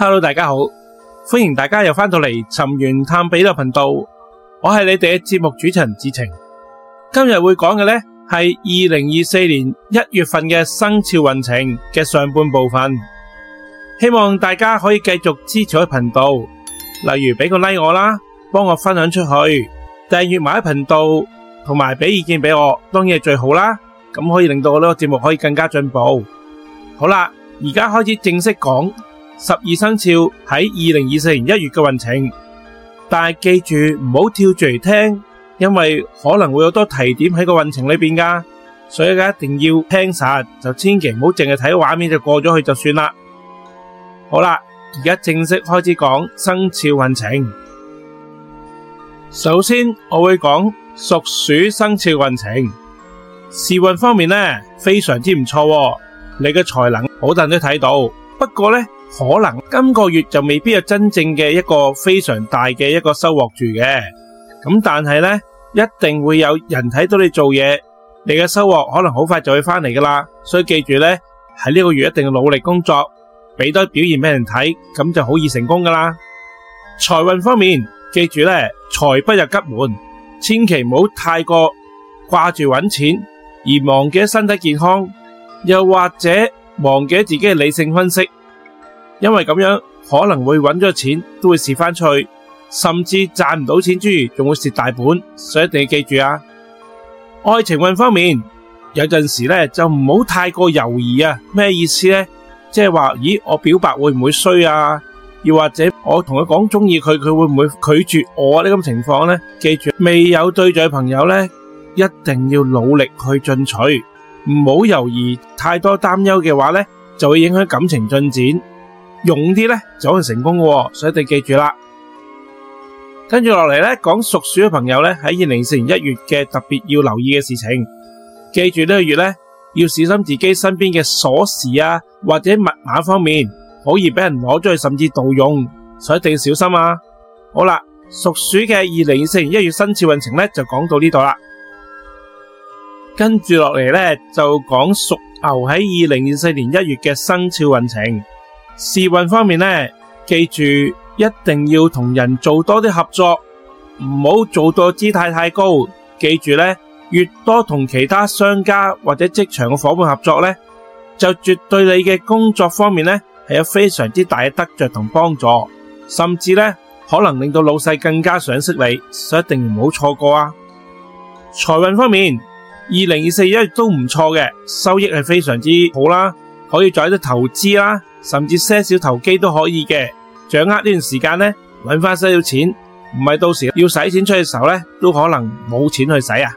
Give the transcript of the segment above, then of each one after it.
hello，大家好，歡迎大家又返到嚟尋源探秘嘅頻道，我係你哋嘅節目主持人智澄，今日會講嘅呢係二零二四年一月份嘅生肖運程嘅上半部分，希望大家可以繼續支持我個頻道，例如俾個 like 我啦，幫我分享出去，訂閱埋我頻道，同埋俾意見俾我，當然係最好啦，咁可以令到我呢個節目可以更加進步。好啦，而家開始正式講。十二生肖喺二零二四年一月嘅運程，但係記住唔好跳住嚟聽，因為可能會有很多提點喺個運程裏面噶，所以嘅一定要聽實就千祈唔好淨係睇畫面就過咗去就算啦。好啦，而家正式開始講生肖運程。首先我會講屬鼠生肖運程，時運方面呢非常之唔錯，啊，你嘅才能好多人都睇到，不過呢。可能今個月就未必有真正嘅一個非常大嘅一個收穫住嘅，咁但係呢，一定會有人睇到你做嘢，你嘅收穫可能好快就會翻嚟噶啦。所以記住呢，喺呢個月一定要努力工作，俾多表現俾人睇，咁就好易成功噶啦。財運方面，記住呢，財不入急門，千祈唔好太過掛住搵錢而忘記身體健康，又或者忘記自己嘅理性分析。因為咁樣可能會揾咗錢都會蝕翻脆，甚至賺唔到錢之餘，仲會蝕大本，所以一定要記住啊。愛情運方面有陣時呢就唔好太過猶豫啊。咩意思呢？即係話咦，我表白會唔會衰啊？又或者我同佢講中意佢，佢會唔會拒絕我呢？咁情況呢，記住未有對象嘅朋友呢，一定要努力去進取，唔好猶豫太多，擔憂嘅話呢，就會影響感情進展。用啲咧就可能成功嘅，哦，所以一定要記住啦。跟住落嚟咧，講屬鼠嘅朋友咧喺二零二四年一月嘅特別要留意嘅事情，記住呢個月咧要小心自己身邊嘅鎖匙啊，或者密碼方面好易俾人攞咗去，甚至盜用，所以一定要小心啊。好啦，屬鼠嘅二零二四年一月生肖運程咧就講到呢度啦。跟住落嚟咧就講屬牛喺二零二四年一月嘅生肖運程。事運方面呢，記住一定要同人做多啲合作，唔好做到姿態太高。記住呢，越多同其他商家或者職場嘅伙伴合作呢，就絕對你嘅工作方面呢係有非常之大嘅得着同幫助，甚至呢可能令到老細更加賞識你，所以一定唔好錯過啊！財運方面，二零二四一月都唔錯嘅，收益係非常之好啦，可以做一啲投資啦。甚至些少投機都可以嘅，掌握呢段時間呢，搵翻些少錢，唔係到時要使錢出去嘅時候呢，都可能冇錢去使啊。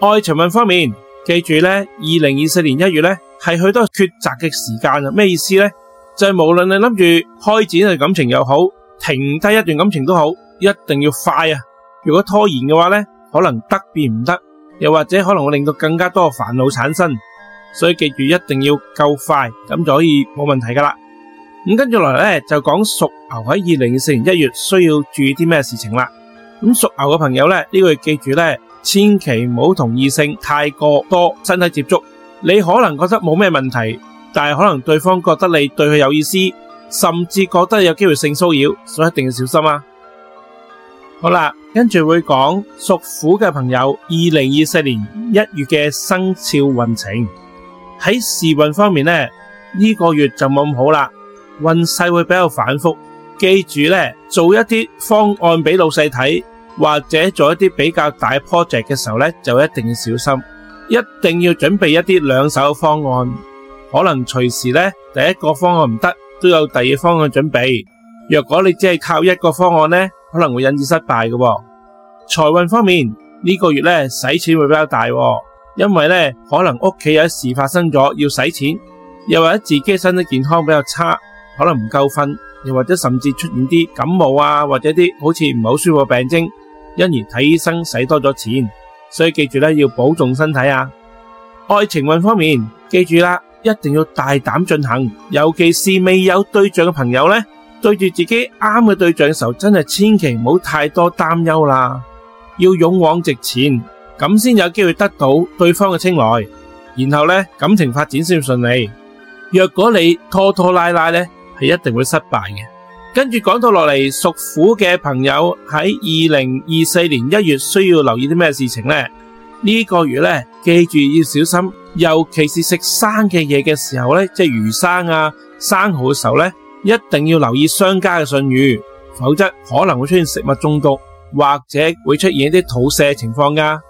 愛情運方面，記住呢，二零二四年一月呢，係許多抉擇嘅時間啊，咩意思呢？就係、是、無論你諗住開展一段感情又好，停低一段感情都好，一定要快啊！如果拖延嘅話呢，可能得變唔得，又或者可能會令到更加多煩惱產生。所以記住一定要夠快，咁就可以冇問題㗎喇。咁跟住嚟咧就講屬牛喺二零二四年一月需要注意啲咩事情啦。咁屬牛嘅朋友咧呢句、這個月，記住呢，千祈唔好同異性太過多身體接觸。你可能覺得冇咩問題，但係可能對方覺得你對佢有意思，甚至覺得有機會性騷擾，所以一定要小心啊。好啦，跟住會講屬虎嘅朋友二零二四年一月嘅生肖運程。.喺時運方面咧，呢個月就冇咁好啦，運勢會比較反覆。記住咧，做一啲方案俾老細睇，或者做一啲比較大 project 嘅時候咧，就一定要小心，一定要準備一啲兩手方案，可能隨時咧第一個方案唔得，都有第二方案準備。若果你只係靠一個方案咧，可能會引致失敗嘅喎。財運方面呢個月咧，使錢會比較大喎。因為咧，可能屋企有事發生咗要使錢，又或者自己身體健康比較差，可能唔夠瞓，又或者甚至出現啲感冒啊，或者啲好似唔係好舒服的病徵，因而睇醫生使多咗錢，所以記住咧要保重身體啊！愛情運方面，記住啦，一定要大膽進行，尤其是未有對象嘅朋友呢，對住自己啱嘅對象嘅時候，真係千祈唔好太多擔憂啦，要勇往直前。咁先有機會得到對方嘅青睞，然後呢，感情發展先順利。若果你拖拖拉拉呢，係一定會失敗嘅。跟住講到落嚟，屬虎嘅朋友喺二零二四年一月需要留意啲咩事情呢？呢、這個月咧，記住要小心，尤其是食生嘅嘢嘅時候咧，即係魚生啊、生蚝嘅時候咧，一定要留意商家嘅信譽，否則可能會出現食物中毒，或者會出現啲肚瀉情況噶。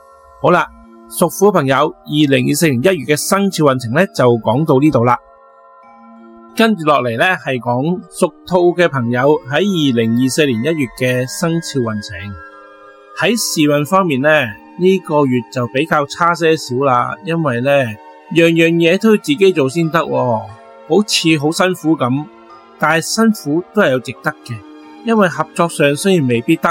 好啦，屬虎朋友，二零二四年一月嘅生肖運程咧就講到呢度啦。跟住落嚟咧係講屬兔嘅朋友喺二零二四年一月嘅生肖運程。喺事運方面咧，呢個月就比較差些少啦，因為咧樣樣嘢都要自己做先得喎，好似好辛苦咁。但係辛苦都係有值得嘅，因為合作上雖然未必得，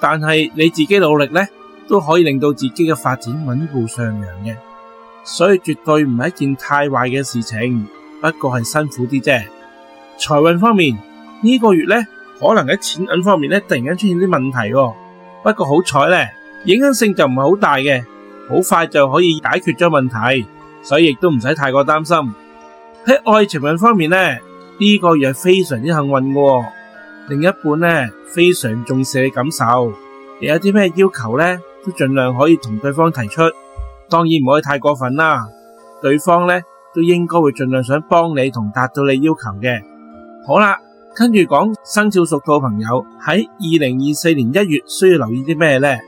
但係你自己努力咧。都可以令到自己嘅發展穩固上揚嘅，所以絕對唔係一件太壞嘅事情，不過係辛苦啲啫。財運方面呢個月呢，可能喺錢銀方面呢，突然間出現啲問題，不過好彩呢，影響性就唔係好大嘅，好快就可以解決咗問題，所以亦都唔使太過擔心。喺愛情運方面呢，呢個月係非常之幸運嘅，另一半呢，非常重視你感受，又有啲咩要求呢？都盡量可以同對方提出，當然唔可以太過分啦。對方咧都應該會盡量想幫你同達到你要求嘅。好啦，跟住講生肖屬兔嘅朋友喺二零二四年一月需要留意啲咩咧？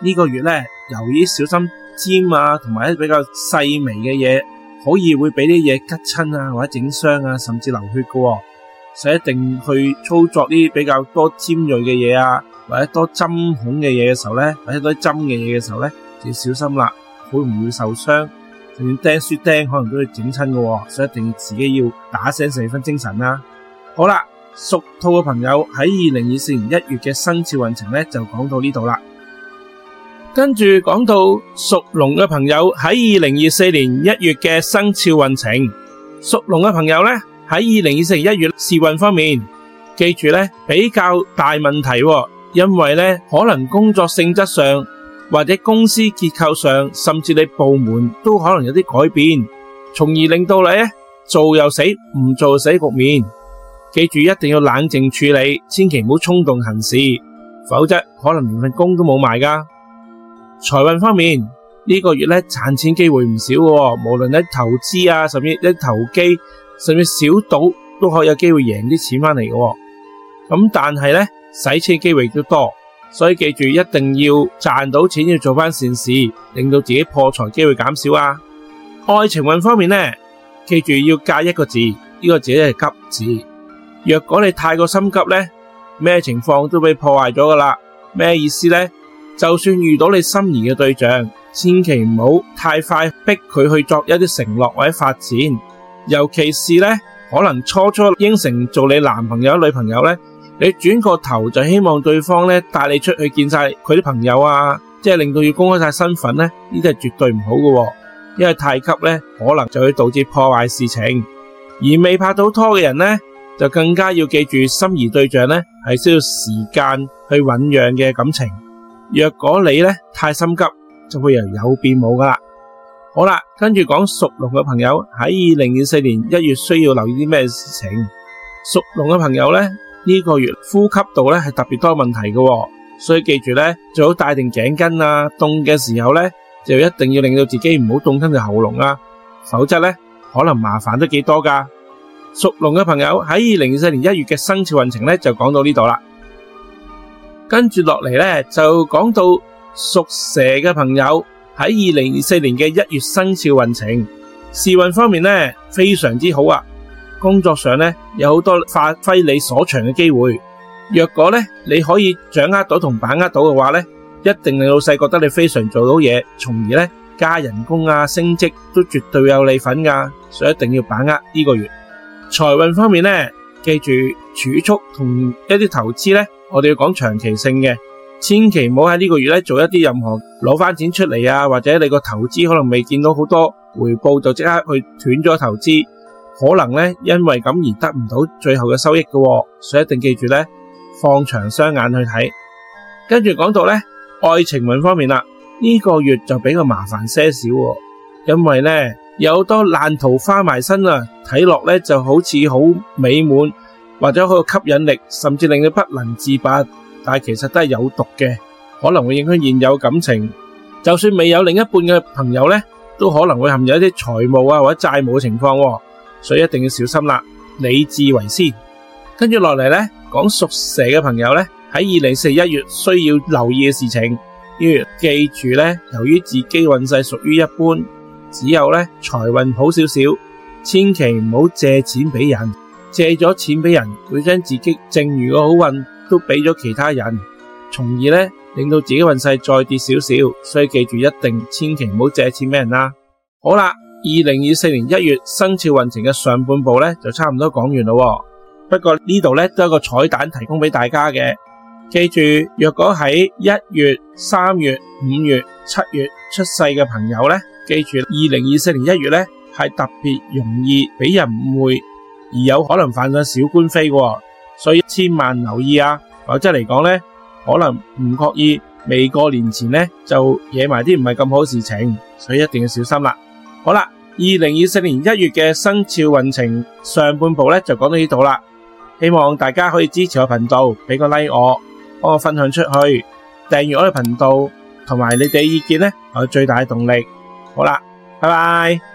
呢、這個月咧，由於小心尖啊，同埋一啲比較細微嘅嘢，好易會俾啲嘢拮親啊，或者整傷啊，甚至流血嘅，哦。所以一定去操作啲比較多尖銳嘅嘢啊！或者多針孔嘅嘢嘅時候呢，或者多針嘅嘢嘅時候呢，就要小心啦，會唔會受傷？就算釘書釘，可能都要整親噶，所以一定要自己要打醒四分精神啦。好啦，屬兔嘅朋友喺二零二四年一月嘅生肖運程呢，就講到呢度啦。跟住講到屬龍嘅朋友喺二零二四年一月嘅生肖運程，屬龍嘅朋友呢，喺二零二四年一月事運方面，記住呢比較大問題哦。因為咧，可能工作性質上，或者公司結構上，甚至你部門都可能有啲改變，從而令到你咧做又死，唔做死局面。記住一定要冷靜處理，千祈唔好衝動行事，否則可能連份工都冇埋噶。財運方面，呢個月咧，賺錢機會唔少噶，哦，無論你投資啊，甚至一投機，甚至小賭都可以有機會贏啲錢翻嚟噶。咁但係咧。洗錢機會都多，所以記住一定要賺到錢，要做返善事，令到自己破財機會減少啊！愛情運方面呢，記住要加一個字，呢、這個字呢係急字。若果你太過心急呢，咩情況都被破壞咗㗎喇。咩意思呢？就算遇到你心儀嘅對象，千祈唔好太快逼佢去作一啲承諾或者發展，尤其是呢，可能初初應承做你男朋友女朋友呢。你轉個頭就希望對方咧帶你出去見晒佢啲朋友啊，即係令到要公開晒身份咧，呢啲係絕對唔好噶。因為太急咧，可能就會導致破壞事情。而未拍到拖嘅人咧，就更加要記住，心儀對象咧係需要時間去醞釀嘅感情。若果你咧太心急，就會由有變冇噶啦。好啦，跟住講屬龍嘅朋友喺二零二四年一月需要留意啲咩事情？屬龍嘅朋友咧。呢個月呼吸道呢係特別多的問題嘅，哦，所以記住呢最好戴定頸巾啊！凍嘅時候呢，就一定要令到自己唔好凍親住喉嚨啊，否則呢，可能麻煩都幾多噶。屬龍嘅朋友喺二零二四年一月嘅生肖運程呢就講到呢度啦，跟住落嚟呢就講到屬蛇嘅朋友喺二零二四年嘅一月生肖運程，事運方面呢，非常之好啊！工作上呢，有好多發揮你所長嘅機會，若果呢，你可以掌握到同把握到嘅話呢，一定令老細覺得你非常做到嘢，從而呢，加人工啊升職都絕對有利份噶、啊，所以一定要把握呢個月。財運方面呢，記住儲蓄同一啲投資呢，我哋要講長期性嘅，千祈唔好喺呢個月呢做一啲任何攞返錢出嚟啊，或者你個投資可能未見到好多回報就即刻去斷咗投資。可能咧，因為咁而得唔到最後嘅收益嘅喎，所以一定記住咧，放長雙眼去睇。跟住講到咧，愛情運方面啦，呢個月就比較麻煩些少喎，因為咧有好多爛桃花埋身啊。睇落咧，就好似好美滿，或者好有吸引力，甚至令你不能自拔。但係其實都係有毒嘅，可能會影響現有感情。就算未有另一半嘅朋友咧，都可能會含有一啲財務啊或者債務嘅情況喎。所以一定要小心啦，理智為先。跟住落嚟呢，講屬蛇嘅朋友呢，喺二零二四年一月需要留意嘅事情，要記住呢，由於自己運勢屬於一般，只有呢財運好少少，千祈唔好借錢俾人。借咗錢俾人，會將自己剩餘嘅好運都俾咗其他人，從而呢令到自己運勢再跌少少。所以記住，一定千祈唔好借錢俾人啦。好啦。二零二四年一月生肖運程嘅上半部咧，就差唔多講完咯。不過這裡呢度咧都有一個彩蛋提供俾大家嘅。記住，若果喺一月、三月、五月、七月出世嘅朋友呢，記住二零二四年一月呢，係特別容易俾人誤會，而有可能犯上小官非的，所以千萬留意啊。否則嚟講呢，可能唔覺意未過年前呢，就惹埋啲唔係咁好事情，所以一定要小心啦、啊。好啦，二零二四年一月嘅生肖運程上半部咧就講到呢度啦。希望大家可以支持我頻道，俾個 like 我，幫我分享出去，訂閱我嘅頻道，同埋你哋嘅意見咧係我最大嘅動力。好啦，拜拜。